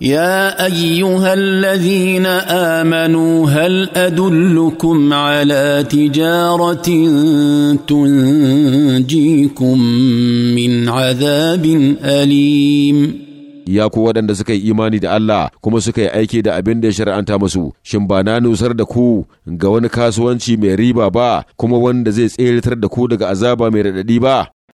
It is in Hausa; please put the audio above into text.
يا ايها الذين امنوا هل ادلكم على تجاره تنجيكم من عذاب اليم ya ku waɗanda suka yi imani da Allah kuma suka yi aiki da abin da ya shari'anta musu shin ba na nusar da ku ga wani kasuwanci mai riba ba kuma wanda zai tseratar da ku daga azaba mai raɗaɗi ba